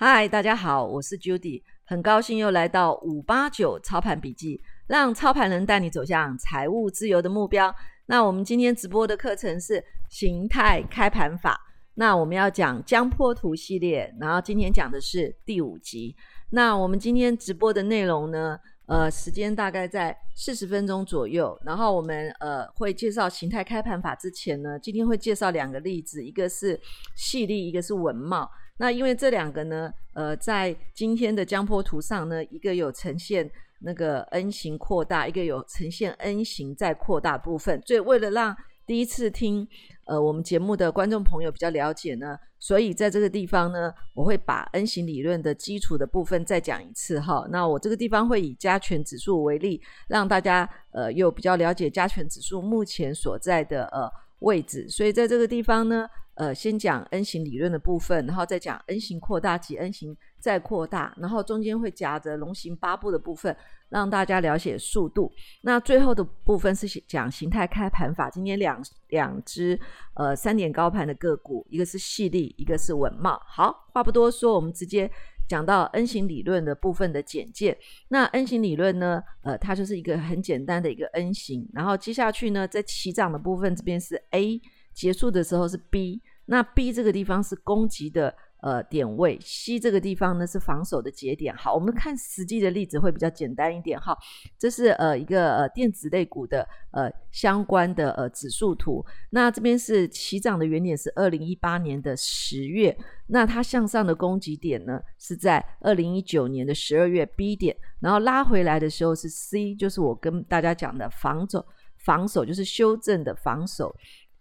嗨，大家好，我是 Judy，很高興又來到五八九操盤筆記，讓操盤人帶你走向財務自由的目標。那我們今天直播的課程是型態開盤法，那我們要講江波圖系列，然後今天講的是第五集。那我們今天直播的內容呢，呃，時間大概在四十分鐘左右。然後我們呃會介紹型態開盤法之前呢，今天會介紹兩個例子，一個是矽力，一個是穩懋。那因為這兩個呢，呃，在今天的江波圖上呢，一個有呈現那個 N 型擴大，一個有呈現 N 型再擴大部分。所以為了讓第一次聽呃我們節目的觀眾朋友比較了解呢，所以在這個地方呢，我會把 N 型理論的基礎的部分再講一次哈。那我這個地方會以加權指數為例，讓大家呃又比較了解加權指數目前所在的呃位置。所以在這個地方呢。呃，先講 N 型理論的部分，然後再講 N 型擴大及 N 型再擴大，然後中間會夾着龍行八步的部分，讓大家了解速度。那最後的部分是講型態開盤法。今天兩兩隻呃三點高盤的個股，一個是矽力，一個是穩懋。好，話不多說，我們直接講到 N 型理論的部分的簡介。那 N 型理論呢，呃，它就是一個很簡單的一個 N 型。然後接下去呢，在起漲的部分，這邊是 A，結束的時候是 B。那 B 這個地方是攻擊的呃點位，C 這個地方呢是防守的節點。好，我們看實際的例子會比較簡單一點。好，這是呃一個呃電子類股的呃相關的呃指數圖。那這邊是起漲的原點是二零一八年的十月，那它向上的攻擊點呢是在二零一九年的十二月 B 點，然後拉回來的時候是 C，就是我跟大家講的防守，防守就是修正的防守。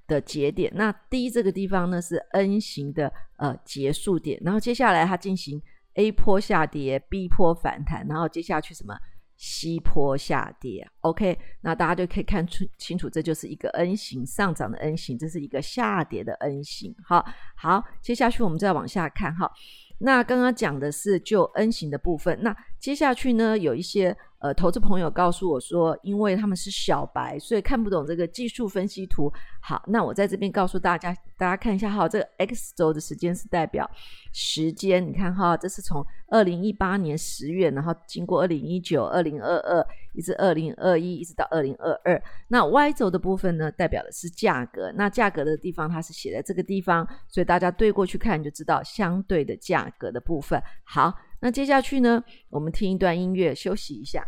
的節點，那 D 這個地方呢是 N 型的呃結束點，然後接下來它進行 A 波下跌，B 波反彈，然後接下去什麼？C 波下跌，OK，那大家就可以看出清楚，這就是一個 N 型上漲的 N 型，這是一個下跌的 N 型，好，好，接下去我們再往下看哈，那剛剛講的是就 N 型的部分，那接下去呢有一些。呃，投資朋友告訴我說，因為他們是小白，所以看不懂這個技術分析圖。好，那我在這邊告訴大家，大家看一下哈，這個 X 軸的時間是代表時間，你看哈，這是從二零一八年十月，然後經過二零一九、二零二二，一直二零二一，一直到二零二二。那 Y 軸的部分呢，代表的是價格。那價格的地方它是寫在這個地方，所以大家對過去看就知道相對的價格的部分。好。那接下去呢，我們聽一段音樂休息一下。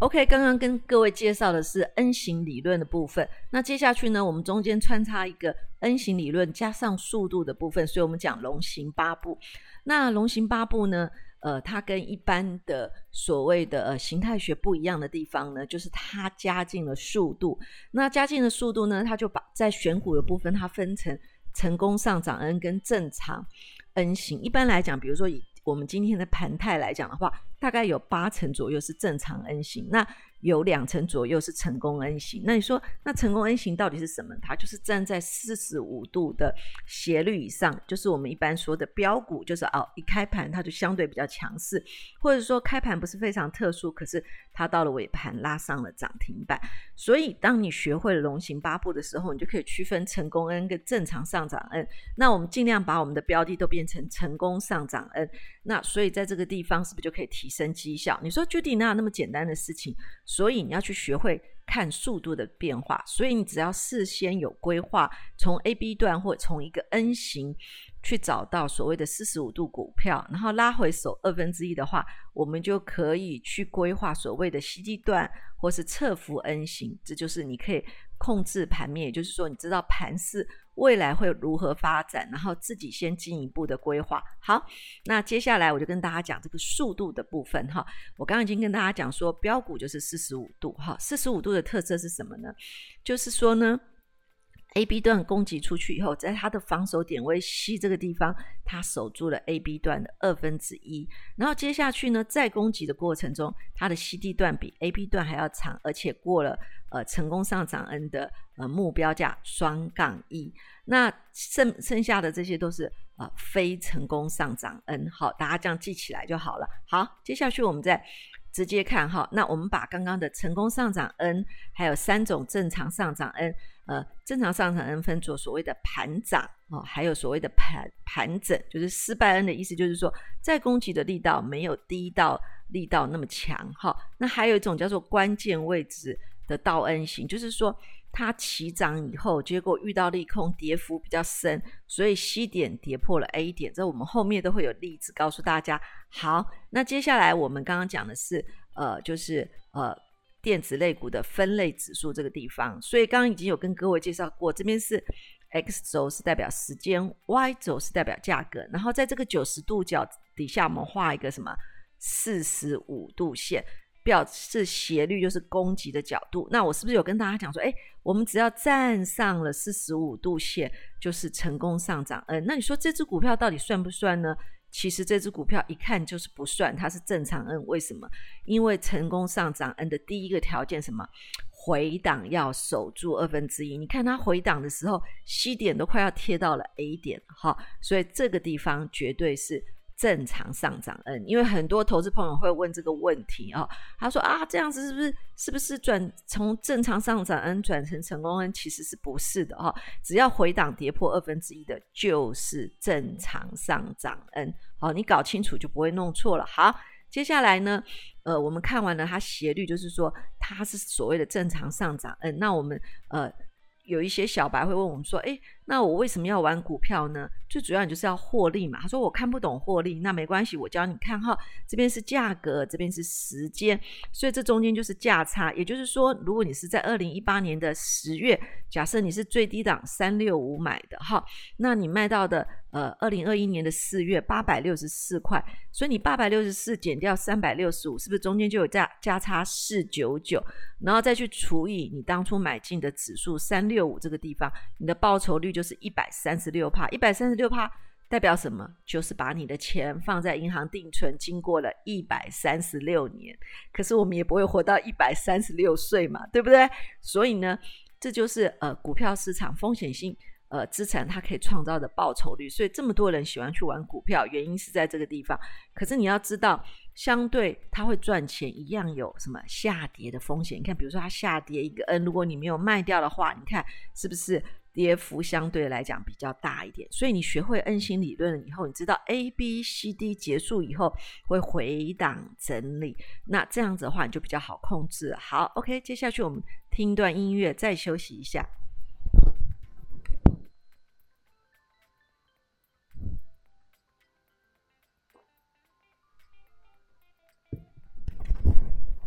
OK，剛剛跟各位介紹的是 N 型理論的部分。那接下去呢，我們中間穿插一個 N 型理論加上速度的部分，所以我們講龍行八步。那龍行八步呢？呃，它跟一般的所謂的呃形態學不一樣的地方呢，就是它加進了速度。那加進了速度呢，它就把在選股的部分，它分成成功上漲 N 跟正常 N 型。一般來講，比如說以我們今天的盤態來講的話，大概有八成左右是正常 N 型。那有兩成左右是成功 N 型，那你說，那成功 N 型到底是什麼？它就是站在四十五度的斜率以上，就是我們一般說的飆股，就是哦一開盤它就相對比較強勢，或者說開盤不是非常特殊，可是。它到了尾盤拉上了漲停板，所以當你學會了龍行八步的時候，你就可以區分成功 N 跟正常上漲 N。那我們盡量把我們的標的都變成成功上漲 N，那所以在這個地方是不是就可以提升績效？你說具體哪有那麼簡單的事情？所以你要去學會看速度的變化，所以你只要事先有規劃，從 A B 段或從一個 N 型。去找到所謂的四十五度股票，然後拉回首二分之一的話，我們就可以去規劃所謂的 C D 段或是側幅 N 型，這就是你可以控制盤面，也就是說你知道盤勢未來會如何發展，然後自己先進一步的規劃。好，那接下來我就跟大家講這個速度的部分哈。我剛剛已經跟大家講說，標股就是四十五度哈，四十五度的特色是什麼呢？就是說呢，AB 段攻擊出去以後，在它的防守點位 C 這個地方，它守住了 AB 段的二分之一。然後接下去呢，在攻擊的過程中，它的 CD 段比 AB 段還要長，而且過了呃成功上漲 N 的呃目標價雙槓一。那剩剩下的這些都是呃非成功上漲 N。好，大家這樣記起來就好了。好，接下去我們再直接看哈。那我們把剛剛的成功上漲 N 還有三種正常上漲 N。呃，正常上漲 N 分做所謂的盤漲哦，還有所謂的盤盤整，就是失敗 N 的意思，就是說在攻擊的力道沒有第一道力道那麼強哈、哦。那還有一種叫做關鍵位置的倒 N 型，就是說它起漲以後，結果遇到利空，跌幅比較深，所以 C 點跌破了 A 點。這我們後面都會有例子告訴大家。好，那接下來我們剛剛講的是呃，就是呃。電子類股的分類指數這個地方，所以剛剛已經有跟各位介紹過，這邊是 X 軸是代表時間，Y 軸是代表價格，然後在這個九十度角底下，我們畫一個什麼四十五度線，表示斜率就是攻擊的角度。那我是不是有跟大家講說，哎，我們只要站上了四十五度線，就是成功上漲？嗯、呃，那你說這支股票到底算不算呢？其實這只股票一看就是不算，它是正常 N，為什麼？因為成功上漲 N 的第一個條件是什麼？回檔要守住二分之一。你看它回檔的時候，C 點都快要貼到了 A 點，哈，所以這個地方絕對是。正常上漲 N，因為很多投資朋友會問這個問題啊、哦，他說啊，這樣子是不是是不是轉從正常上漲 N 轉成成功 N，其實是不是的哈、哦，只要回檔跌破二分之一的，就是正常上漲 N，好，你搞清楚就不會弄錯了。好，接下來呢，呃，我們看完了它斜率，就是說它是所謂的正常上漲 N，那我們呃有一些小白會問我們說，誒……那我為什麼要玩股票呢？最主要你就是要獲利嘛。他說我看不懂獲利，那沒關係，我教你看哈。這邊是價格，這邊是時間，所以這中間就是價差。也就是說，如果你是在二零一八年的十月，假設你是最低檔三六五買的哈，那你賣到的呃二零二一年的四月八百六十四塊，所以你八百六十四減掉三百六十五，是不是中間就有價價差四九九？然後再去除以你當初買進的指數三六五這個地方，你的報酬率。就是一百三十六趴，一百三十六趴代表什麼？就是把你的錢放在銀行定存，經過了一百三十六年，可是我們也不會活到一百三十六歲嘛，對不對？所以呢，這就是呃股票市場風險性呃資產，它可以創造的報酬率。所以這麼多人喜歡去玩股票，原因是在這個地方。可是你要知道，相對它會賺錢一樣，有什麼下跌的風險？你看，比如說它下跌一個 N，如果你沒有賣掉的話，你看是不是？跌幅相對來講比較大一點，所以你學會 N 型理論了以後，你知道 A、B、C、D 結束以後會回檔整理，那這樣子的話你就比較好控制。好，OK，接下去我們聽一段音樂，再休息一下。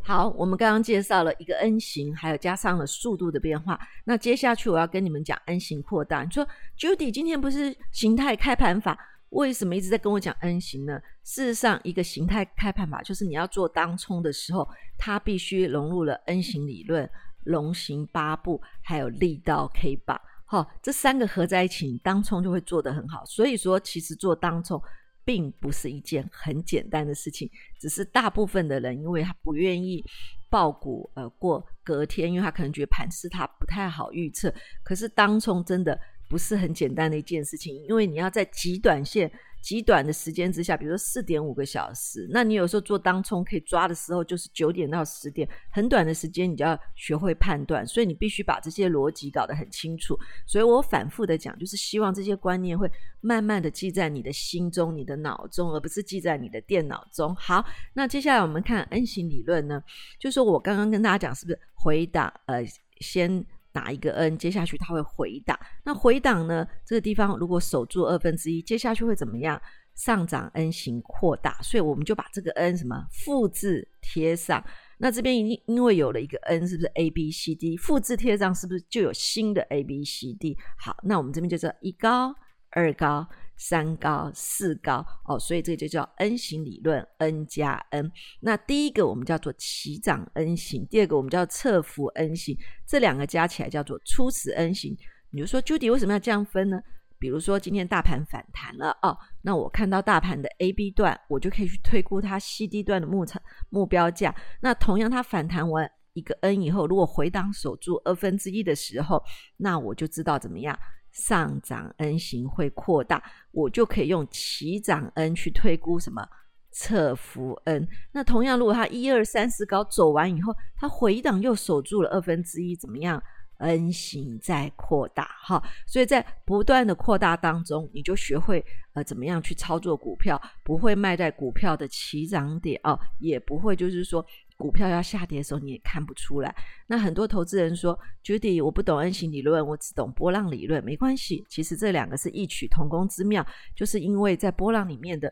好，我們剛剛介紹了一個 N 型，還有加上了速度的變化。那接下去我要跟你們講 N 型擴大。你說 Judy 今天不是形態開盤法，為什麼一直在跟我講 N 型呢？事實上，一個形態開盤法就是你要做當沖的時候，它必須融入了 N 型理論、龍行八步還有力道 K 棒。好、哦，這三個合在一起，你當沖就會做得很好。所以說，其實做當沖並不是一件很簡單的事情，只是大部分的人，因為他不願意抱股而過隔天，因為他可能覺得盤勢它不太好預測。可是當沖真的不是很簡單的一件事情，因為你要在極短線。極短的時間之下，比如說四點五個小時，那你有時候做當沖可以抓的時候，就是九點到十點，很短的時間，你就要學會判斷，所以你必須把這些邏輯搞得很清楚。所以我反覆的講，就是希望這些觀念會慢慢的記在你的心中、你的腦中，而不是記在你的電腦中。好，那接下來我們看 N 型理論呢，就是說我剛剛跟大家講，是不是回答呃先。哪一個 N 接下去，它會回檔，那回檔呢？這個地方如果守住二分之一，接下去會怎麼樣？上漲 N 型擴大，所以我們就把這個 N 什麼複製貼上。那這邊因因為有了一個 N，是不是 A B C D？複製貼上是不是就有新的 A B C D？好，那我們這邊就是一高二高。三高四高哦，所以這就叫 N 型理論，N 加 N。那第一個我們叫做起漲 N 型，第二個我們叫側幅 N 型，這兩個加起來叫做初始 N 型。你就說 Judy 為什麼要這樣分呢？比如說今天大盤反彈了哦，那我看到大盤的 AB 段，我就可以去推估它 CD 段的目目標價。那同樣，它反彈完一個 N 以後，如果回檔守住二分之一的時候，那我就知道怎麼樣。上漲 N 型會擴大，我就可以用起漲 N 去推估什麼測幅 N。那同樣，如果它一二三四高走完以後，它回檔又守住了二分之一，怎麼樣？N 型在擴大哈，所以在不斷的擴大當中，你就學會呃怎麼樣去操作股票，不會賣在股票的起漲點啊，也不會就是說。股票要下跌的時候，你也看不出來。那很多投資人說：“Judy，我不懂 N 型理論，我只懂波浪理論，沒關係。”其實這兩個是異曲同工之妙，就是因為在波浪裡面的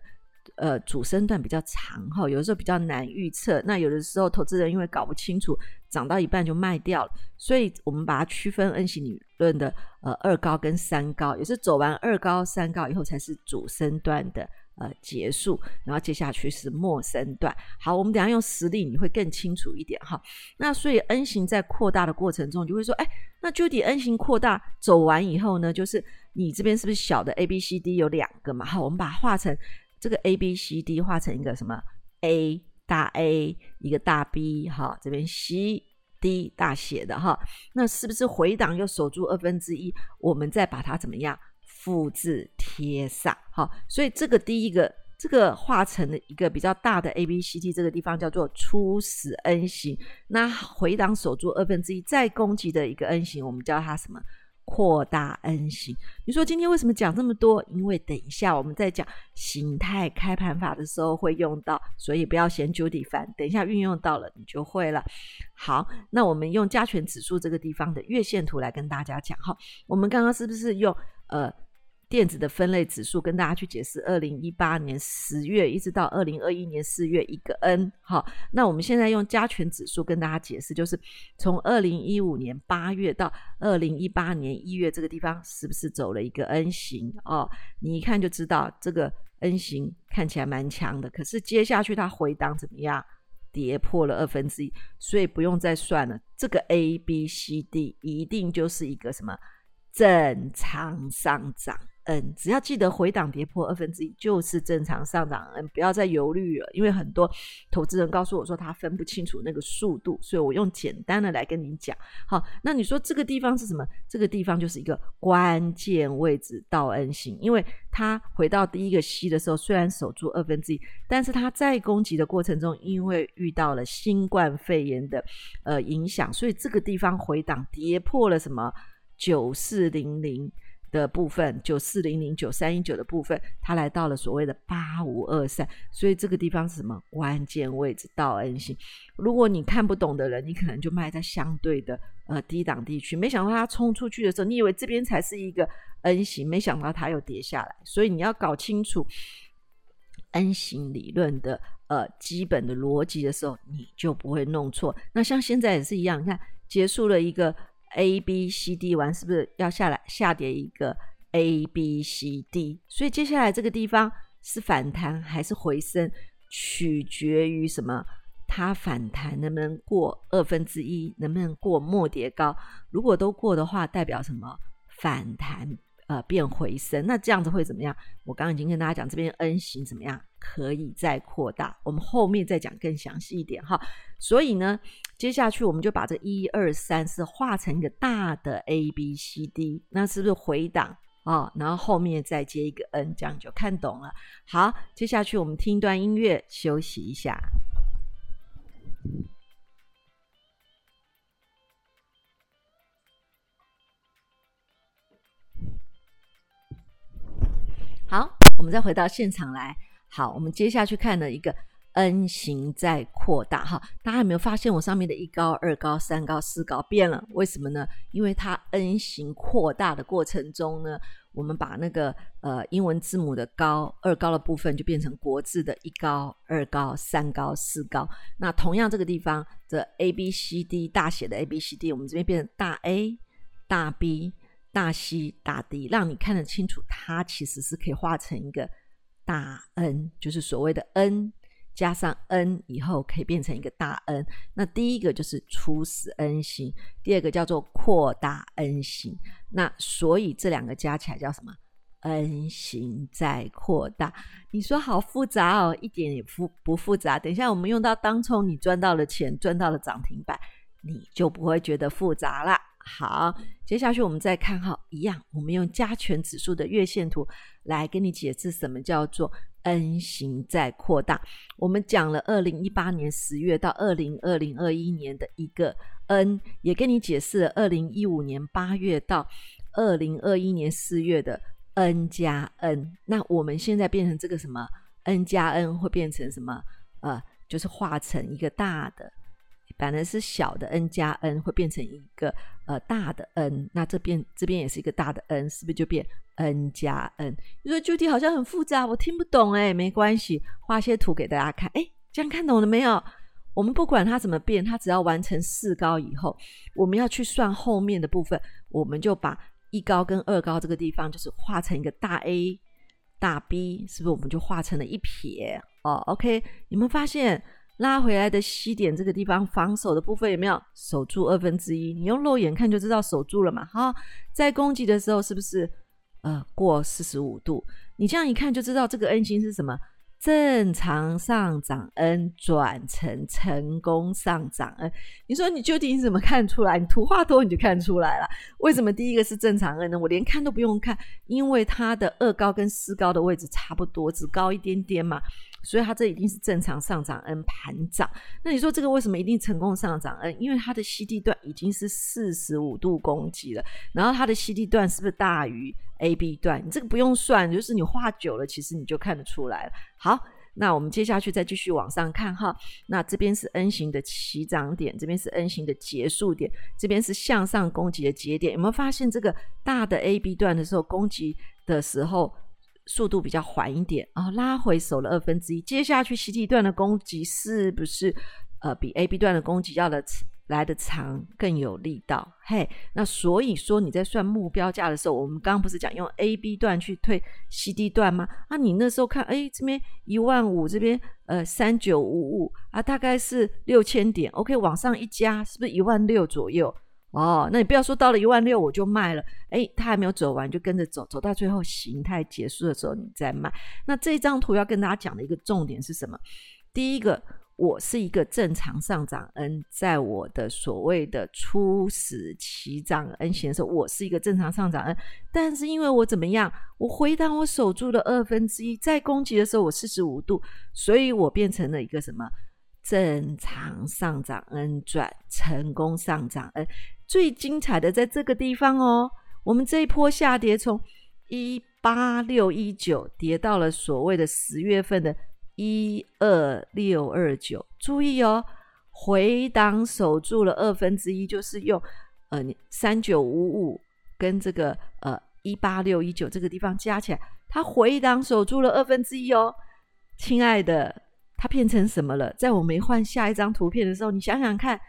呃主升段比較長哈，有的時候比較難預測。那有的時候投資人因為搞不清楚，漲到一半就賣掉了，所以我們把它區分 N 型理論的呃二高跟三高，也是走完二高三高以後才是主升段的。呃，結束，然後接下去是末升段。好，我們等一下用實例，你會更清楚一點哈。那所以 N 型在擴大的過程中，你就會說，哎，那具體 N 型擴大走完以後呢，就是你這邊是不是小的 A B C D 有兩個嘛？好，我們把它畫成這個 A B C D 畫成一個什麼 A 大 A 一個大 B 哈，這邊 C D 大寫的哈，那是不是回檔又守住二分之一？我們再把它怎麼樣？複製貼上，好，所以這個第一個，這個畫成的一個比較大的 A B C D。這個地方叫做初始 N 型。那回檔守住二分之一再攻擊的一個 N 型，我們叫它什麼？擴大 N 型。你說今天為什麼講這麼多？因為等一下我們在講型態開盤法的時候會用到，所以不要嫌九底煩，等一下運用到了你就會了。好，那我們用加權指數這個地方的月線圖來跟大家講，哈，我們剛剛是不是用呃？電子的分類指數跟大家去解釋，二零一八年十月一直到二零二一年四月一個 N，好，那我們現在用加權指數跟大家解釋，就是從二零一五年八月到二零一八年一月這個地方是不是走了一個 N 型哦？你一看就知道這個 N 型看起來蠻強的，可是接下去它回檔怎麼樣，跌破了二分之一，所以不用再算了，這個 A B C D 一定就是一個什麼正常上漲。嗯，只要記得回檔跌破二分之一就是正常上漲，嗯，不要再猶豫了，因為很多投資人告訴我說他分不清楚那個速度，所以我用簡單的來跟你講。好，那你說這個地方是什麼？這個地方就是一個關鍵位置到 N 型，因為他回到第一個 C 的時候，雖然守住二分之一，但是他在攻擊的過程中，因為遇到了新冠肺炎的呃影響，所以這個地方回檔跌破了什麼九四零零。的部分九四零零九三一九的部分，它來到了所謂的八五二三，所以這個地方是什麼？關鍵位置到 N 型。如果你看不懂的人，你可能就賣在相對的呃低檔地區。沒想到它衝出去的時候，你以為這邊才是一個 N 型，沒想到它又跌下來。所以你要搞清楚 N 型理論的呃基本的邏輯的時候，你就不會弄錯。那像現在也是一樣，你看結束了一個。A B C D 完是不是要下來，下跌一個 A B C D？所以接下來這個地方是反彈還是回升，取決於什麼？它反彈能不能過二分之一，能不能過末跌高？如果都過的話，代表什麼？反彈。呃、變回聲。那這樣子會怎麼樣？我剛剛已經跟大家講，這邊 N 型怎麼樣可以再擴大，我們後面再講更詳細一點哈。所以呢，接下去我們就把這一二三四畫成一個大的 A B C D，那是不是回檔啊？然後後面再接一個 N，這樣就看懂了。好，接下去我們聽一段音樂休息一下。好，我們再回到現場來。好，我們接下去看了一個 N 型在擴大哈，大家有沒有發現我上面的一高、二高、三高、四高變了？為什麼呢？因為它 N 型擴大的過程中呢，我們把那個呃英文字母的高二高的部分就變成國字的一高、二高、三高、四高。那同樣這個地方的 A B C D 大寫的 A B C D，我們這邊變成大 A 大 B。大西大的，讓你看得清楚。它其實是可以畫成一個大 N，就是所謂的 N 加上 N 以後可以變成一個大 N。那第一個就是初始 N 型，第二個叫做擴大 N 型。那所以這兩個加起來叫什麼？N 型再擴大。你說好複雜哦，一點也不複不複雜。等一下我們用到當沖你賺到了錢，賺到了漲停板，你就不會覺得複雜了。好，接下去我們再看哈，一樣，我們用加權指數的月線圖來跟你解釋什麼叫做 N 型在擴大。我們講了二零一八年十月到二零二零二一年的一個 N，也跟你解釋了二零一五年八月到二零二一年四月的 N 加 N。那我們現在變成這個什麼，N 加 N 會變成什麼？呃，就是化成一個大的。反正是小的 n 加 n 會變成一個呃大的 n，那這邊這邊也是一個大的 n，是不是就變 n 加 n？你說具體好像很複雜，我聽不懂哎，沒關係，畫些圖給大家看。哎，這樣看懂了沒有？我們不管它怎麼變，它只要完成四高以後，我們要去算後面的部分，我們就把一高跟二高這個地方就是畫成一個大 A 大 B，是不是我們就畫成了一撇哦？OK，你們發現？拉回來的 C 點，這個地方防守的部分有沒有守住二分之一？你用肉眼看就知道守住了嘛，哈！在攻擊的時候是不是呃過四十五度？你這樣一看就知道這個 N 型是什麼，正常上漲 N 轉成成功上漲 N。你說你究竟你怎麼看出來？你圖畫多你就看出來了。為什麼第一個是正常 N 呢？我連看都不用看，因為它的二高跟四高的位置差不多，只高一點點嘛。所以它這一定是正常上漲 N 盤漲，那你說這個為什麼一定成功上漲 N？因為它的 CD 段已經是四十五度攻擊了，然後它的 CD 段是不是大於 AB 段？你這個不用算，就是你畫久了，其實你就看得出來了。好，那我們接下去再繼續往上看哈。那這邊是 N 型的起漲點，這邊是 N 型的結束點，這邊是向上攻擊的節點。有沒有發現這個大的 AB 段的時候攻擊的時候？速度比較緩一點，然後，哦，拉回守了二分之一，接下去 C D 段的攻擊是不是呃比 A B 段的攻擊要的來的長更有力道？嘿，那所以說你在算目標價的時候，我們剛剛不是講用 A B 段去推 C D 段嗎？啊，你那時候看，哎、欸，這邊一萬五，這邊呃三九五五啊，大概是六千點，OK，往上一加，是不是一萬六左右？哦，那你不要說到了一萬六我就賣了，哎，它還沒有走完，就跟着走，走到最後形態結束的時候你再賣。那這張圖要跟大家講的一個重點是什麼？第一個，我是一個正常上漲 N，在我的所謂的初始起漲 N 型的時候，我是一個正常上漲 N，但是因為我怎麼樣，我回檔我守住了二分之一，在攻擊的時候我四十五度，所以我變成了一個什麼正常上漲 N 轉成功上漲 N。最精彩的在這個地方哦，我們這一波下跌從一八六一九跌到了所謂的十月份的一二六二九。注意哦，回檔守住了二分之一，就是用呃三九五五跟這個呃一八六一九這個地方加起來，它回檔守住了二分之一哦。親愛的，它變成什麼了？在我沒換下一張圖片的時候，你想想看。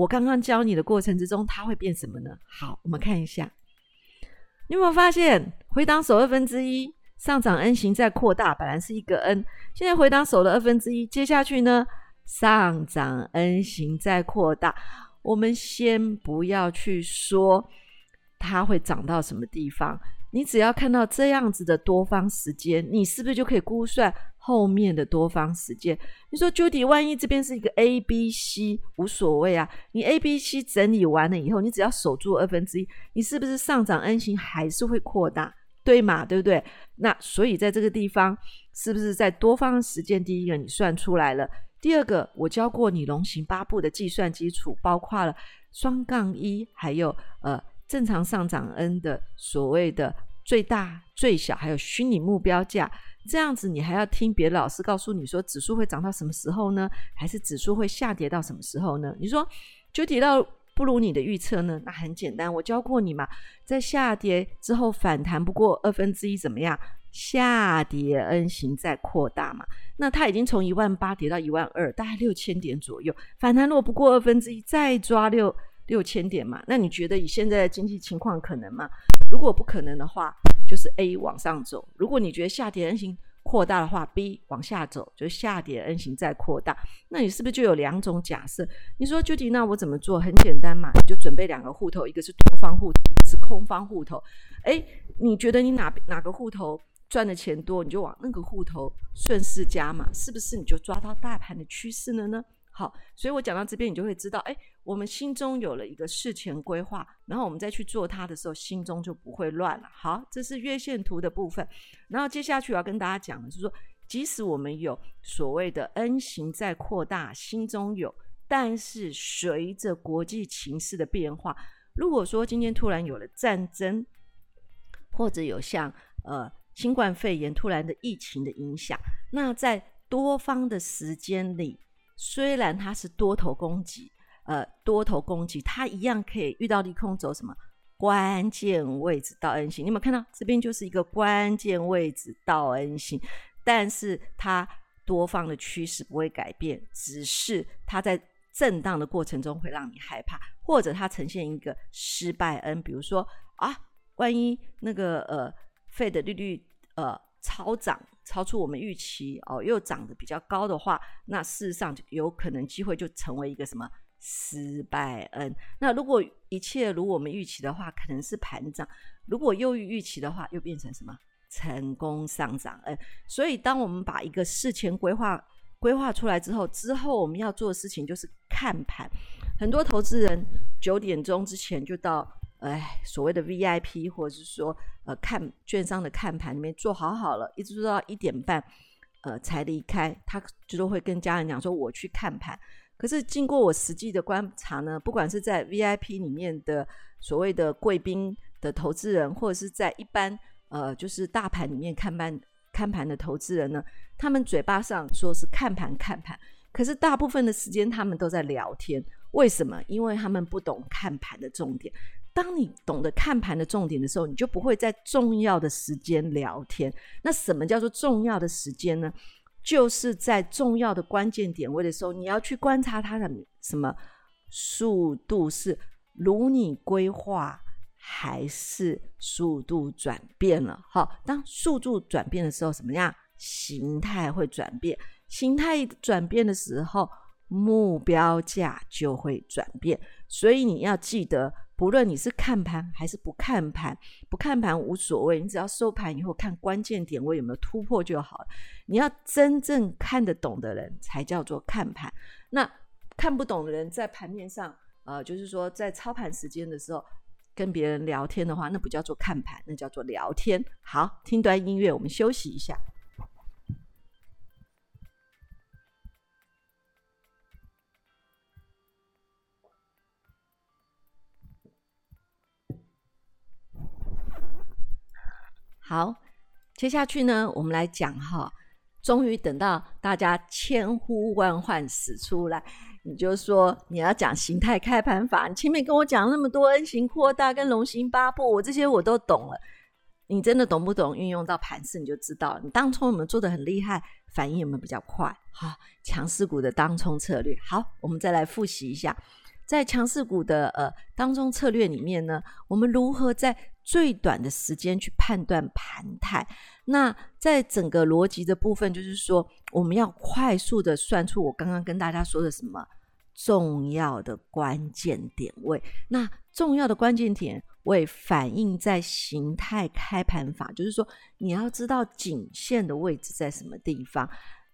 我剛剛教你的過程之中，它會變什麼呢？好，我們看一下，你有沒有發現回檔手二分之一上漲 N 型在擴大，本來是一個 N，現在回檔手的二分之一，接下去呢上漲 N 型在擴大。我們先不要去說它會漲到什麼地方，你只要看到這樣子的多方時間，你是不是就可以估算？後面的多方時間，你說究竟？萬一這邊是一個 A、B、C 無所謂啊，你 A、B、C 整理完了以後，你只要守住二分之一，你是不是上漲 N 型還是會擴大？對嘛？對不對？那所以在這個地方，是不是在多方時間第一個你算出來了？第二個我教過你龍行八步的計算基礎，包括了雙槓一，還有呃正常上漲 N 的所謂的最大、最小，還有虛擬目標價。這樣子，你還要聽別的老師告訴你說指數會漲到什麼時候呢？還是指數會下跌到什麼時候呢？你說就跌到不如你的預測呢？那很簡單，我教過你嘛，在下跌之後反彈不過二分之一怎麼樣？下跌 N 型再擴大嘛。那它已經從一萬八跌到一萬二，大概六千點左右。反彈如果不過二分之一，再抓六六千點嘛。那你覺得以現在的經濟情況可能嗎？如果不可能的話，就是 A 往上走，如果你覺得下跌 N 型擴大的話，B 往下走，就下跌 N 型再擴大，那你是不是就有兩種假設？你說究竟那我怎麼做？很簡單嘛，你就準備兩個戶頭，一個是多方戶，一個是空方戶頭。誒，你覺得你哪哪個戶頭賺的錢多，你就往那個戶頭順勢加嘛，是不是你就抓到大盤的趨勢了呢？好，所以我講到這邊，你就會知道，誒。我們心中有了一個事前規劃，然後我們再去做它的時候，心中就不會亂了。好，這是月線圖的部分。然後接下去我要跟大家講的是說，即使我們有所謂的 N 型在擴大，心中有，但是隨着國際情勢的變化，如果說今天突然有了戰爭，或者有像呃新冠肺炎突然的疫情的影響，那在多方的時間裡，雖然它是多頭攻擊。呃，多頭攻擊它一樣可以遇到利空，走什麼關鍵位置到 N 型？你有沒有看到這邊就是一個關鍵位置到 N 型？但是它多方的趨勢不會改變，只是它在震盪的過程中會讓你害怕，或者它呈現一個失敗 N。比如說啊，萬一那個呃 Fed 的利率呃超漲，超出我們預期哦，又漲得比較高的話，那事實上就有可能機會就成為一個什麼？失敗。嗯，那如果一切如我們預期的話，可能是盤漲；如果又預期的話，又變成什麼？成功上漲。嗯，所以當我們把一個事前規劃規劃出來之後，之後我們要做的事情就是看盤。很多投資人九點鐘之前就到，哎，所謂的 VIP 或者是說呃看券商的看盤裡面坐好好了，一直坐到一點半，呃才離開。他就都會跟家人講說：“我去看盤。”可是經過我實際的觀察呢，不管是在 VIP 裡面的所謂的貴賓的投資人，或者是在一般呃就是大盤裡面看盤看盤的投資人呢，他們嘴巴上說是看盤看盤，可是大部分的時間他們都在聊天。為什麼？因為他們不懂看盤的重點。當你懂得看盤的重點的時候，你就不會在重要的時間聊天。那什麼叫做重要的時間呢？就是在重要的關鍵點位的時候，你要去觀察它的什麼速度是如你規劃，還是速度轉變了？好，當速度轉變的時候，什麼樣？形態會轉變？形態轉變的時候，目標價就會轉變。所以你要記得。不論你是看盤還是不看盤，不看盤無所謂，你只要收盤以後看關鍵點位有沒有突破就好了。你要真正看得懂的人才叫做看盤，那看不懂的人在盤面上，呃，就是說在操盤時間的時候跟別人聊天的話，那不叫做看盤，那叫做聊天。好，聽段音樂，我們休息一下。好，接下去呢，我們來講哈。終於等到大家千呼萬喚始出來，你就說你要講型態開盤法。你前面跟我講那麼多，N 型擴大跟龍行八步，我這些我都懂了。你真的懂不懂運用到盤勢，你就知道。你當沖有沒有做的很厲害，反應有沒有比較快？好，強勢股的當沖策略。好，我們再來複習一下，在強勢股的呃當沖策略裡面呢，我們如何在。最短的時間去判斷盤態。那在整個邏輯的部分，就是說，我們要快速的算出我剛剛跟大家說的什麼重要的關鍵點位。那重要的關鍵點位反映在形態開盤法，就是說，你要知道頸線的位置在什麼地方。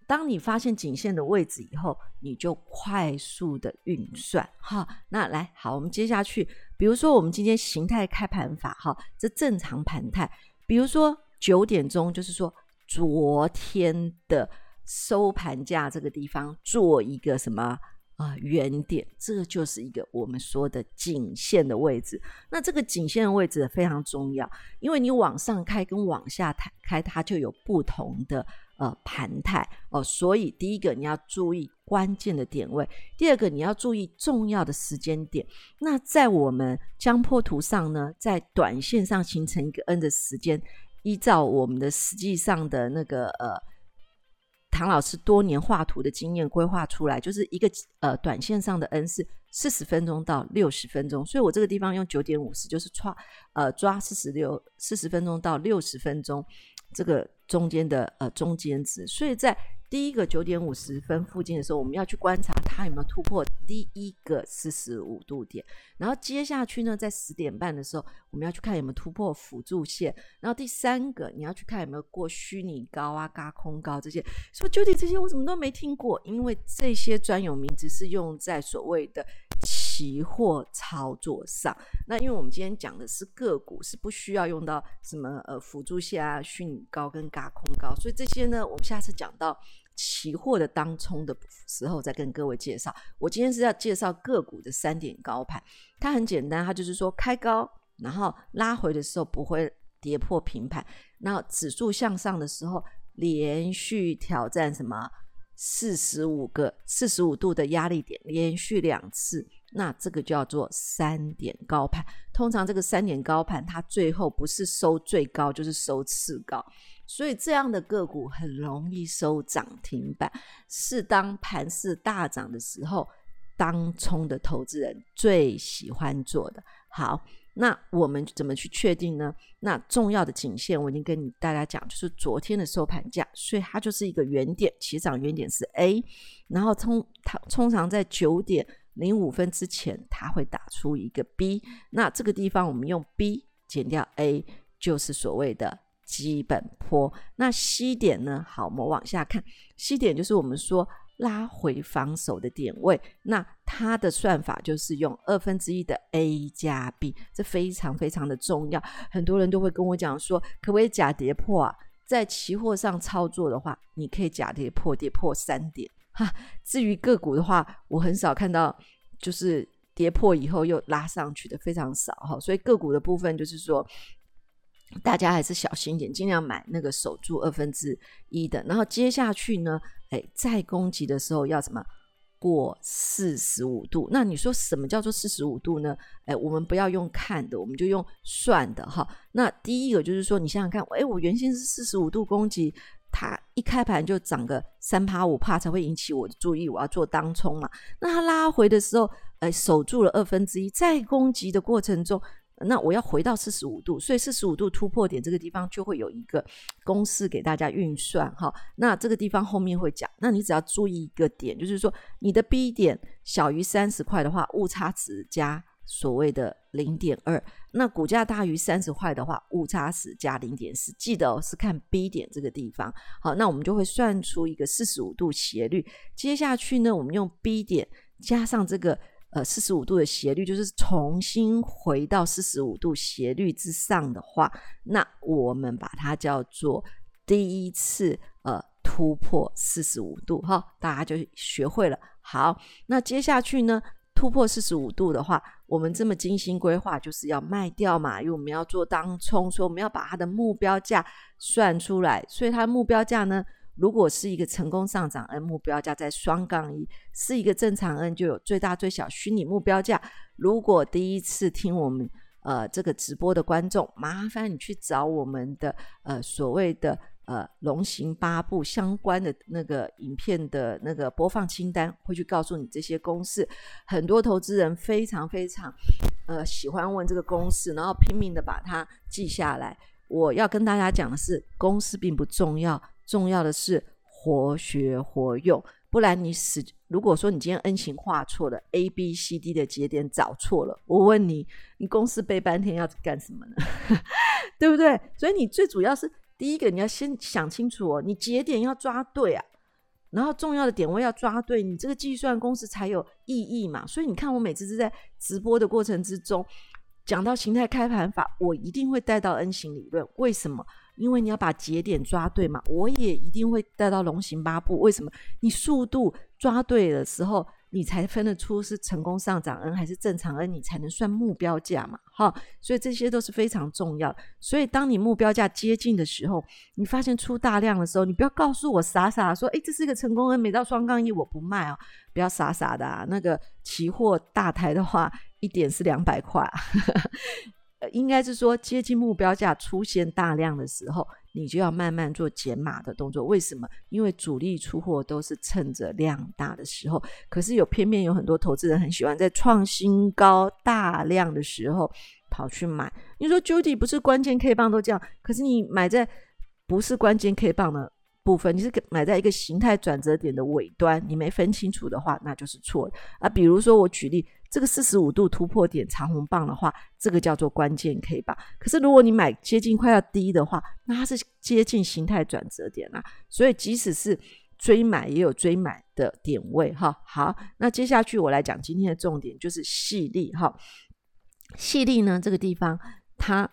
當你發現頸線的位置以後，你就快速的運算哈。那來好，我們接下去，比如說我們今天形態開盤法哈，這正常盤態，比如說九點鐘，就是說昨天的收盤價這個地方做一個什麼啊原、呃、點，這就是一個我們說的頸線的位置。那這個頸線的位置非常重要，因為你往上開跟往下開，它就有不同的。呃，盤態哦，所以第一個你要注意關鍵的點位，第二個你要注意重要的時間點。那在我們江波圖上呢，在短線上形成一個 N 的時間，依照我們的實際上的那個呃，唐老師多年畫圖的經驗規劃出來，就是一個呃，短線上的 N 是四十分鐘到六十分鐘。所以我這個地方用九點五十，就是抓呃抓四十六四十分鐘到六十分鐘這個。中間的呃中間值，所以在第一個九點五十分附近的時候，我們要去觀察它有沒有突破第一個四十五度點，然後接下去呢，在十點半的時候，我們要去看有沒有突破輔助線，然後第三個你要去看有沒有過虛擬高啊、高空高這些。說究竟這些我怎麼都沒聽過，因為這些專有名詞是用在所謂的。期貨操作上，那因為我們今天講的是個股，是不需要用到什麼呃輔助線啊、虛擬高跟軋空高，所以這些呢，我們下次講到期貨的當沖的時候再跟各位介紹。我今天是要介紹個股的三點高盤，它很簡單，它就是說開高，然後拉回的時候不會跌破平盤，那指數向上的時候連續挑戰什麼四十五個四十五度的壓力點，連續兩次。那這個叫做三點高盤，通常這個三點高盤它最後不是收最高就是收次高，所以這樣的個股很容易收漲停板。是當盤勢大漲的時候，當沖的投資人最喜歡做的。好，那我們怎麼去確定呢？那重要的頸線我已經跟大家講，就是昨天的收盤價，所以它就是一個原點，起漲原點是 A，然後通它通常在九點。零五分之前，它會打出一個 B，那這個地方我們用 B 減掉 A，就是所謂的基本波。那 C 點呢？好，我們往下看。C 點就是我們說拉回防守的點位，那它的算法就是用二分之一的 A 加 B，這非常非常的重要。很多人都會跟我講說，可不可以假跌破啊？在期貨上操作的話，你可以假跌破，跌破三點。哈，至於個股的話，我很少看到就是跌破以後又拉上去的非常少哈，所以個股的部分就是說，大家還是小心一點，儘量買那個守住二分之一的。然後接下去呢，哎，再攻擊的時候要什麼？過四十五度。那你說什麼叫做四十五度呢？哎，我們不要用看的，我們就用算的哈。那第一個就是說，你想想看，哎，我原先是四十五度攻擊。它一開盤就漲個三趴五趴才會引起我的注意，我要做當沖嘛。那它拉回的時候，呃、哎，守住了二分之一，在攻擊的過程中，那我要回到四十五度，所以四十五度突破點這個地方就會有一個公式給大家運算哈。那這個地方後面會講，那你只要注意一個點，就是說你的 B 點小於三十塊的話，誤差值加，所謂的零點二，那股價大於三十塊的話，誤差是加零點四。記得哦，是看 B 點這個地方。好，那我們就會算出一個四十五度斜率。接下去呢，我們用 B 點加上這個呃四十五度的斜率，就是重新回到四十五度斜率之上的話，那我們把它叫做第一次呃突破四十五度哈。大家就學會了。好，那接下去呢？突破四十五度的話，我們這麼精心規劃，就是要賣掉嘛，因為我們要做當沖，所以我們要把它的目標價算出來，所以它的目標價呢，如果是一個成功上漲 N 目標價在雙槓一，是一個正常 N，就有最大最小虛擬目標價。如果第一次聽我們呃這個直播的觀眾，麻煩你去找我們的呃所謂的。呃，龍行八步相關的那個影片的那個播放清單會去告訴你這些公式。很多投資人非常非常呃喜歡問這個公式，然後拼命的把它記下來。我要跟大家講的是，公式並不重要，重要的是活學活用。不然你死，如果說你今天 N 型畫錯了，A、B、C、D 的節點找錯了，我問你，你公式背半天要幹什麼呢？ 對不對？所以你最主要是。第一個，你要先想清楚哦，你節點要抓對啊，然後重要的點位要抓對，你這個計算公式才有意義嘛。所以你看，我每次是在直播的過程之中，講到形態開盤法，我一定會帶到 N 型理論，為什麼？因為你要把節點抓對嘛。我也一定會帶到龍行八步，為什麼？你速度抓對的時候。你才分得出是成功上漲 N 還是正常 N，你才能算目標價嘛，哈、哦，所以這些都是非常重要。所以當你目標價接近的時候，你發現出大量的時候，你不要告訴我傻傻的說，哎，這是一個成功 N，每到雙槓一我不賣啊、哦，不要傻傻的啊，那個期貨大台的話，一點是兩百塊、啊。 呃，應該是說接近目標價出現大量的時候，你就要慢慢做減碼的動作。為什麼？因為主力出貨都是趁着量大的時候，可是有偏偏有很多投資人很喜歡在創新高大量的時候跑去買。你說究竟不是關鍵 K 棒都這樣，可是你買在不是關鍵 K 棒呢？部分，你是買在一個形態轉折點的尾端，你沒分清楚的話，那就是錯的啊。比如說我舉例，這個四十五度突破點長紅棒的話，這個叫做關鍵 K 棒？可是如果你買接近快要低的話，那它是接近形態轉折點啦、啊。所以即使是追買也有追買的點位哈。好，那接下去我來講今天的重點，就是矽力。哈。矽力呢，這個地方它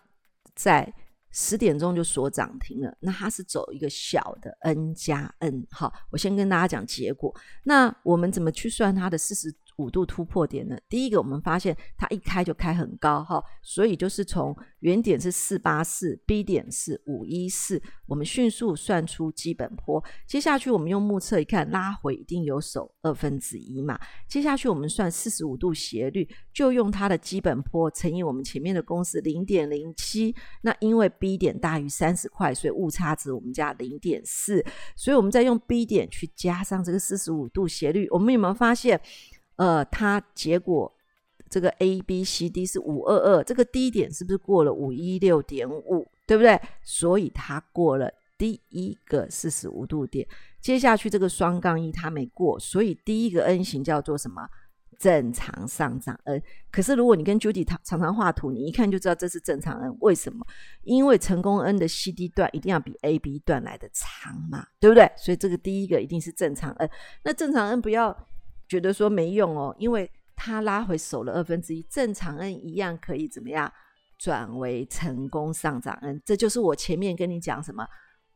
在。十點鐘就鎖漲停了，那它是走一個小的 N 加 N。好，我先跟大家講結果。那我們怎麼去算它的四十度五度突破點呢？第一個，我們發現它一開就開很高哈，所以就是從原點是四八四，B 點是五一四，我們迅速算出基本波。接下去我們用目測一看，拉回一定有守二分之一嘛。接下去我們算四十五度斜率，就用它的基本波乘以我們前面的公式零點零七。那因為 B 點大於三十塊，所以誤差值我們加零點四。所以我們再用 B 點去加上這個四十五度斜率，我們有沒有發現？呃，它結果這個 A B C D 是五二二，這個 D 點是不是過了五一六點五？對不對？所以它過了第一個四十五度點，接下去這個雙槓一它沒過，所以第一個 N 型叫做什麼？正常上漲 N。可是如果你跟 Judy 常常常畫圖，你一看就知道這是正常 N。為什麼？因為成功 N 的 C D 段一定要比 A B 段來得長嘛，對不對？所以這個第一個一定是正常 N。那正常 N 不要。覺得說沒用哦，因為他拉回守了二分之一，正常 N 一樣可以怎麼樣轉為成功上漲 N，這就是我前面跟你講什麼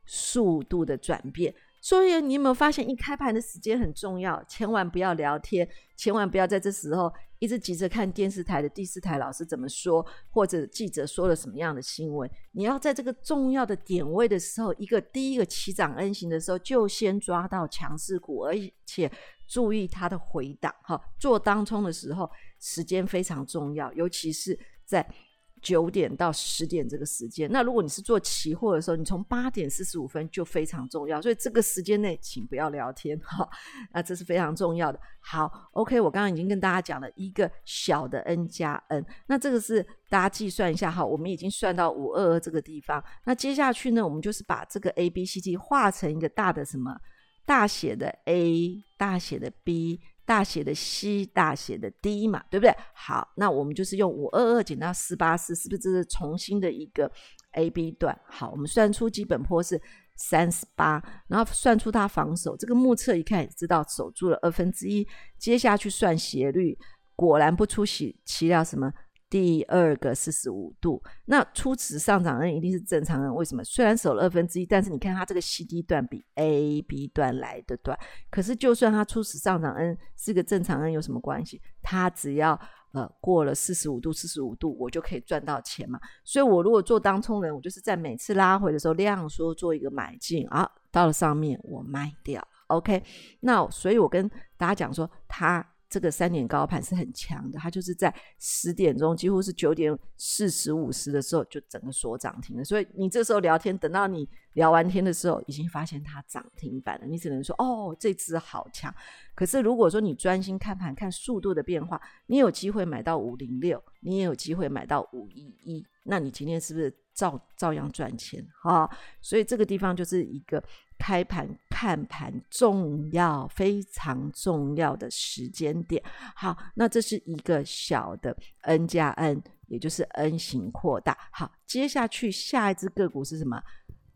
速度的轉變。所以你有沒有發現，一開盤的時間很重要，千萬不要聊天，千萬不要在這時候。一直急着看電視台的第四台老師怎麼說，或者記者說了什麼樣的新聞。你要在這個重要的點位的時候，一個第一個起漲 N 型的時候，就先抓到強勢股，而且注意它的回檔。哈，做當沖的時候，時間非常重要，尤其是在。九點到十點這個時間，那如果你是做期貨的時候，你從八點四十五分就非常重要，所以這個時間內請不要聊天哈，那這是非常重要的。好，OK，我剛剛已經跟大家講了一個小的 n 加 n，那這個是大家計算一下哈，我們已經算到五二二這個地方，那接下去呢，我們就是把這個 ABCD 畫成一個大的什麼大寫的 A 大寫的 B。大寫的 C，大寫的 D 嘛，對不對？好，那我們就是用五二二減到四八四，是不是這是重新的一個 A B 段？好，我們算出基本波是三十八，然後算出它防守，這個目測一看也知道守住了二分之一，接下去算斜率，果然不出奇，其料什麼？第二個四十五度，那初始上漲 N 一定是正常 N。為什麼？雖然守了二分之一，但是你看它這個 CD 段比 AB 段來的短。可是就算它初始上漲 N 是個正常 N，有什麼關係？它只要呃過了四十五度，四十五度我就可以賺到錢嘛。所以我如果做當沖人，我就是在每次拉回的時候量縮，做一個買進啊，到了上面我賣掉。OK，那所以我跟大家講說它。他這個三點高盤是很強的，它就是在十點鐘，幾乎是九點四十五十的時候就整個鎖漲停了。所以你這時候聊天，等到你聊完天的時候，已經發現它漲停板了，你只能說哦，這支好強。可是如果說你專心看盤，看速度的變化，你有機會買到五零六，你也有機會買到五一一，那你今天是不是？照照樣賺錢哈，所以這個地方就是一個開盤看盤重要、非常重要的時間點。好，那這是一個小的 N 加 N，也就是 N 型擴大。好，接下去下一只個股是什麼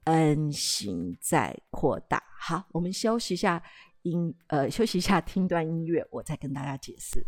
？N 型再擴大。好，我們休息一下音，呃，休息一下聽段音樂，我再跟大家解釋。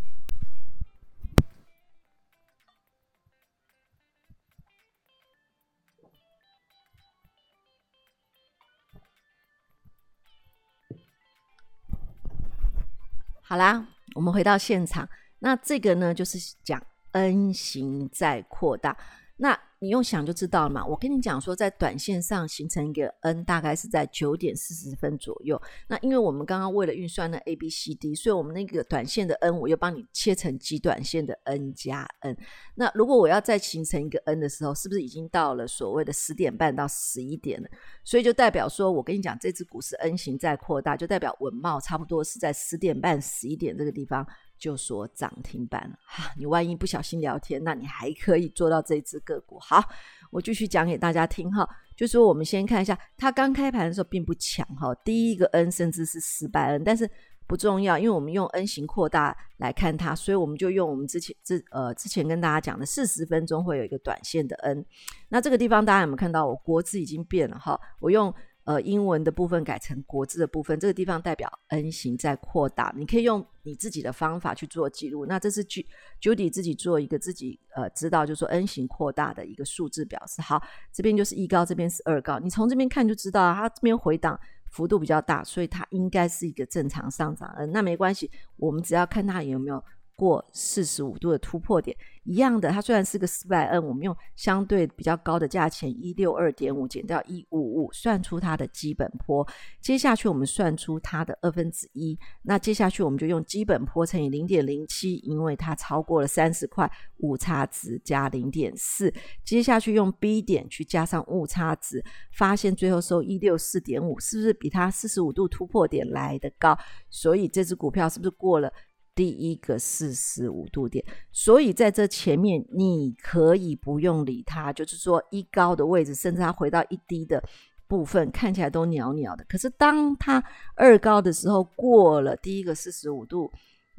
好啦，我們回到現場。那這個呢，就是講 N 型在擴大。那你用想就知道了嘛。我跟你講說，在短線上形成一個 N，大概是在九點四十分左右。那因為我們剛剛為了運算那 A、B、C、D，所以我們那個短線的 N，我又幫你切成極短線的 N 加 N。那如果我要再形成一個 N 的時候，是不是已經到了所謂的十點半到十一點了？所以就代表說，我跟你講，這只股市 N 型在擴大，就代表穩懋差不多是在十點半十一點這個地方。就說漲停板了哈、啊，你萬一不小心聊天，那你還可以做到這隻個股。好，我繼續講給大家聽哈，就是說我們先看一下它剛開盤的時候並不強哈，第一個 N 甚至是失敗 N，但是不重要，因為我們用 N 型擴大來看它，所以我們就用我們之前之呃之前跟大家講的四十分鐘會有一個短線的 N。那這個地方大家有沒有看到我國字已經變了哈？我用。呃，英文的部分改成國字的部分，這個地方代表 N 型在擴大，你可以用你自己的方法去做記錄。那這是 Judy 自己做一個自己呃知道，就是說 N 型擴大的一個數字表示。好，這邊就是一高，這邊是二高，你從這邊看就知道啊，它這邊回檔幅度比較大，所以它應該是一個正常上漲。嗯、呃，那沒關係，我們只要看它有沒有過四十五度的突破點，一樣的，它雖然是個四百 N，我們用相對比較高的價錢一六二點五減掉一五五，155, 算出它的基本波。接下去我們算出它的二分之一，那接下去我們就用基本波乘以零點零七，因為它超過了三十塊，誤差值加零點四。接下去用 B 點去加上誤差值，發現最後收一六四點五，是不是比它四十五度突破點來得高？所以這支股票是不是過了？第一個四十五度點，所以在這前面你可以不用理它，就是說一高的位置，甚至它回到一低的部分，看起來都鳥鳥的。可是當它二高的時候，過了第一個四十五度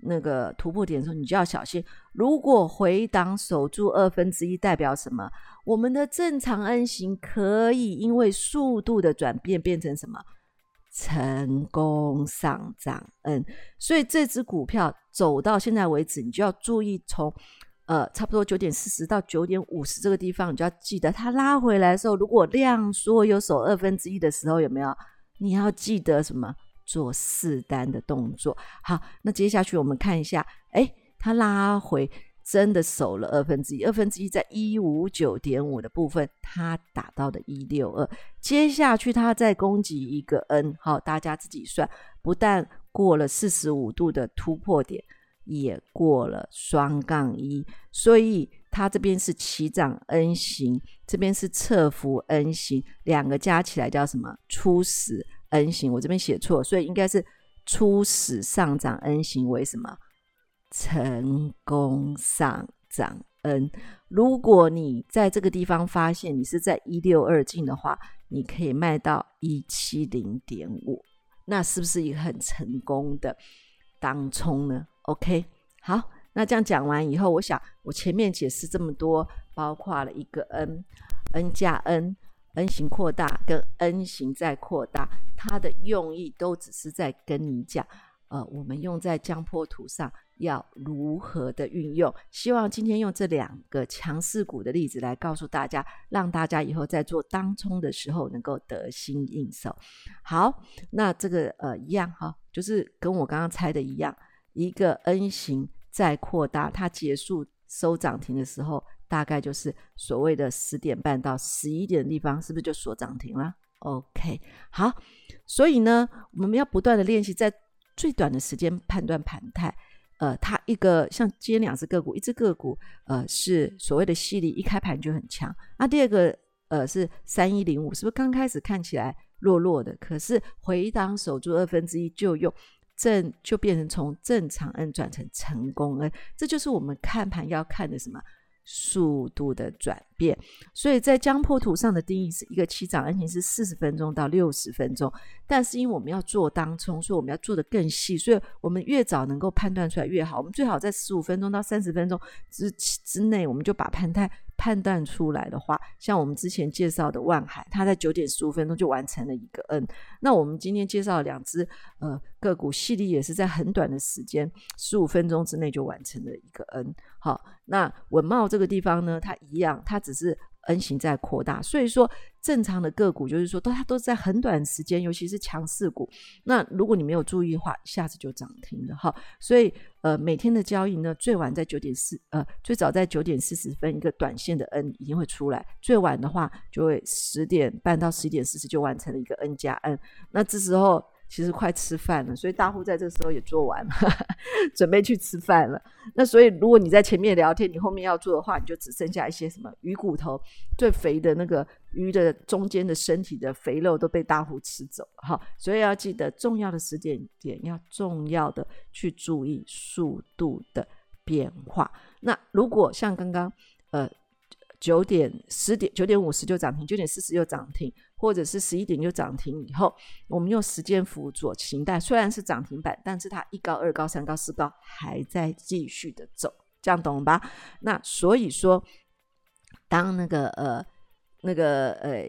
那個突破點的時候，你就要小心。如果回檔守住二分之一，代表什麼？我們的正常 N 型可以因為速度的轉變變成什麼？成功上漲，嗯，所以這隻股票走到現在為止，你就要注意從呃差不多九點四十到九點五十這個地方，你就要記得它拉回來的時候，如果量縮有守二分之一的時候，有沒有？你要記得什麼做四單的動作？好，那接下去我們看一下，哎，它拉回。真的守了二分之一，二分之一在一五九點五的部分，它打到了一六二，接下去它再攻擊一個 N，好，大家自己算，不但過了四十五度的突破點，也過了雙槓一，所以它這邊是起漲 N 型，這邊是側幅 N 型，兩個加起來叫什麼？初始 N 型，我這邊寫錯，所以應該是初始上漲 N 型，為什麼？成功上漲 N，如果你在這個地方發現你是在一六二進的話，你可以賣到一七零點五，那是不是一個很成功的當衝呢？OK，好，那這樣講完以後，我想我前面解釋這麼多，包括了一個 N，N 加 N，N 型擴大跟 N 型再擴大，它的用意都只是在跟你講，呃，我們用在江波圖上。要如何的運用？希望今天用這兩個強勢股的例子來告訴大家，讓大家以後在做當沖的時候能夠得心應手。好，那這個呃一樣哈、哦，就是跟我剛剛猜的一樣，一個 N 型在擴大，它結束收漲停的時候，大概就是所謂的十點半到十一點的地方，是不是就鎖漲停了？OK，好，所以呢，我們要不斷的練習，在最短的時間判斷盤態。呃，它一個像今天兩隻個股，一隻個股，呃，是所謂的矽力一開盤就很強。那、啊、第二個，呃，是三一零五，是不是剛開始看起來弱弱的，可是回檔守住二分之一就用正，就變成從正常 N 轉成成功 N，這就是我們看盤要看的什麼？速度的轉變，所以在江波圖上的定義是一個起漲行情是四十分鐘到六十分鐘，但是因為我們要做當沖，所以我們要做得更細，所以我們越早能夠判斷出來越好，我們最好在十五分鐘到三十分鐘之之內，我們就把盤態。判斷出來的話，像我們之前介紹的萬海，它在九點十五分鐘就完成了一個 N。那我們今天介紹兩隻呃個股，矽力，也是在很短的時間，十五分鐘之內就完成了一個 N。好，那穩懋這個地方呢，它一樣，它只是。N 型在擴大，所以說正常的個股就是說都，都它都是在很短時間，尤其是強勢股。那如果你沒有注意的話，一下子就漲停了哈。所以呃，每天的交易呢，最晚在九點四呃，最早在九點四十分，一個短線的 N 一定會出來；最晚的話，就會十點半到十一點四十就完成了一個 N 加 N。那這時候。其實快吃飯了，所以大戶在這時候也做完了， 準備去吃飯了。那所以如果你在前面聊天，你後面要做的話，你就只剩下一些什麼魚骨頭，最肥的那個魚的中間的身體的肥肉都被大戶吃走了。哈，所以要記得重要的時間點，要重要的去注意速度的變化。那如果像剛剛呃。九點十點九點五十就漲停，九點四十又漲停，或者是十一點就漲停以後，我們用時間輔佐，形態，雖然是漲停板，但是它一高二高三高四高還在繼續的走，這樣懂了吧？那所以說，當那個呃那個呃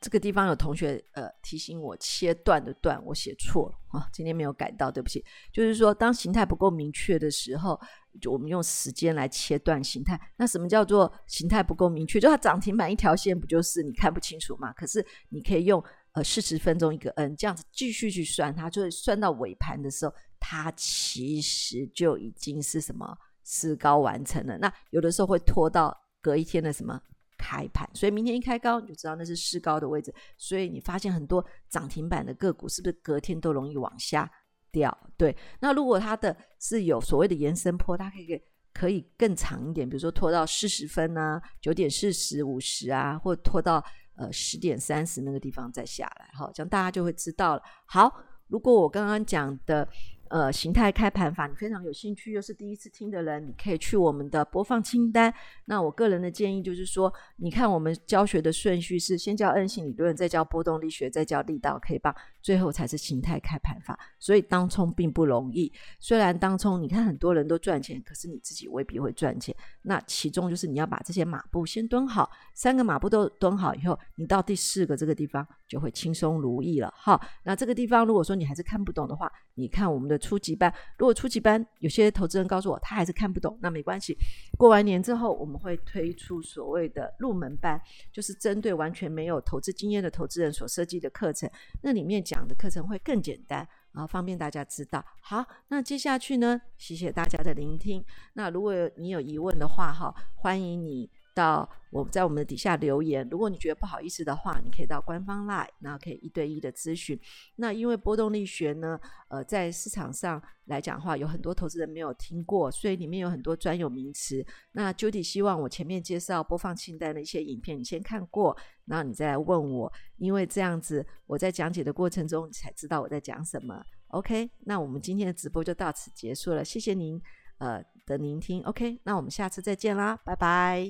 這個地方有同學呃提醒我，切斷的斷我寫錯了啊、哦，今天沒有改到，對不起。就是說，當形態不夠明確的時候。就我們用時間來切斷形態，那什麼叫做形態不夠明確？就它漲停板一條線，不就是你看不清楚嗎？可是你可以用呃四十分鐘一個 N 這樣子繼續去算它，它就會算到尾盤的時候，它其實就已經是什麼實高完成了。那有的時候會拖到隔一天的什麼開盤，所以明天一開高你就知道那是實高的位置。所以你發現很多漲停板的個股，是不是隔天都容易往下？掉。對，那如果它的是有所謂的延伸波，它可以可以更長一點，比如說拖到四十分啊，九點四十五十啊，或拖到呃十點三十那個地方再下來，好，哦，這樣大家就會知道了。好，如果我剛剛講的呃形態開盤法你非常有興趣，又是第一次聽的人，你可以去我們的播放清單。那我個人的建議就是說，你看我們教學的順序是先教 N 型理論，再教波動力學，再教力道，可以吧？最後才是形態開盤法，所以當沖並不容易。雖然當沖你看很多人都賺錢，可是你自己未必會賺錢。那其中就是你要把這些馬步先蹲好，三個馬步都蹲好以後，你到第四個這個地方就會輕鬆如意了。哈，那這個地方如果說你還是看不懂的話，你看我們的初級班。如果初級班有些投資人告訴我他還是看不懂，那沒關係。過完年之後我們會推出所謂的入門班，就是針對完全沒有投資經驗的投資人所設計的課程，那裡面講。的課程會更簡單啊，方便大家知道。好，那接下去呢，謝謝大家的聆聽。那如果你有疑問的話，哈，歡迎你到我在我們的底下留言。如果你覺得不好意思的話，你可以到官方 Line，然後，可以一對一的諮詢。那因為波動力學呢，呃，在市場上來講的話，有很多投資人沒有聽過，所以裡面有很多專有名詞。那究底希望我前面介紹播放清單的一些影片，你先看過，然後你再來問我，因為這樣子我在講解的過程中，你才知道我在講什麼。OK，那我們今天的直播就到此結束了，謝謝您呃的聆聽。OK，那我們下次再見啦，拜拜。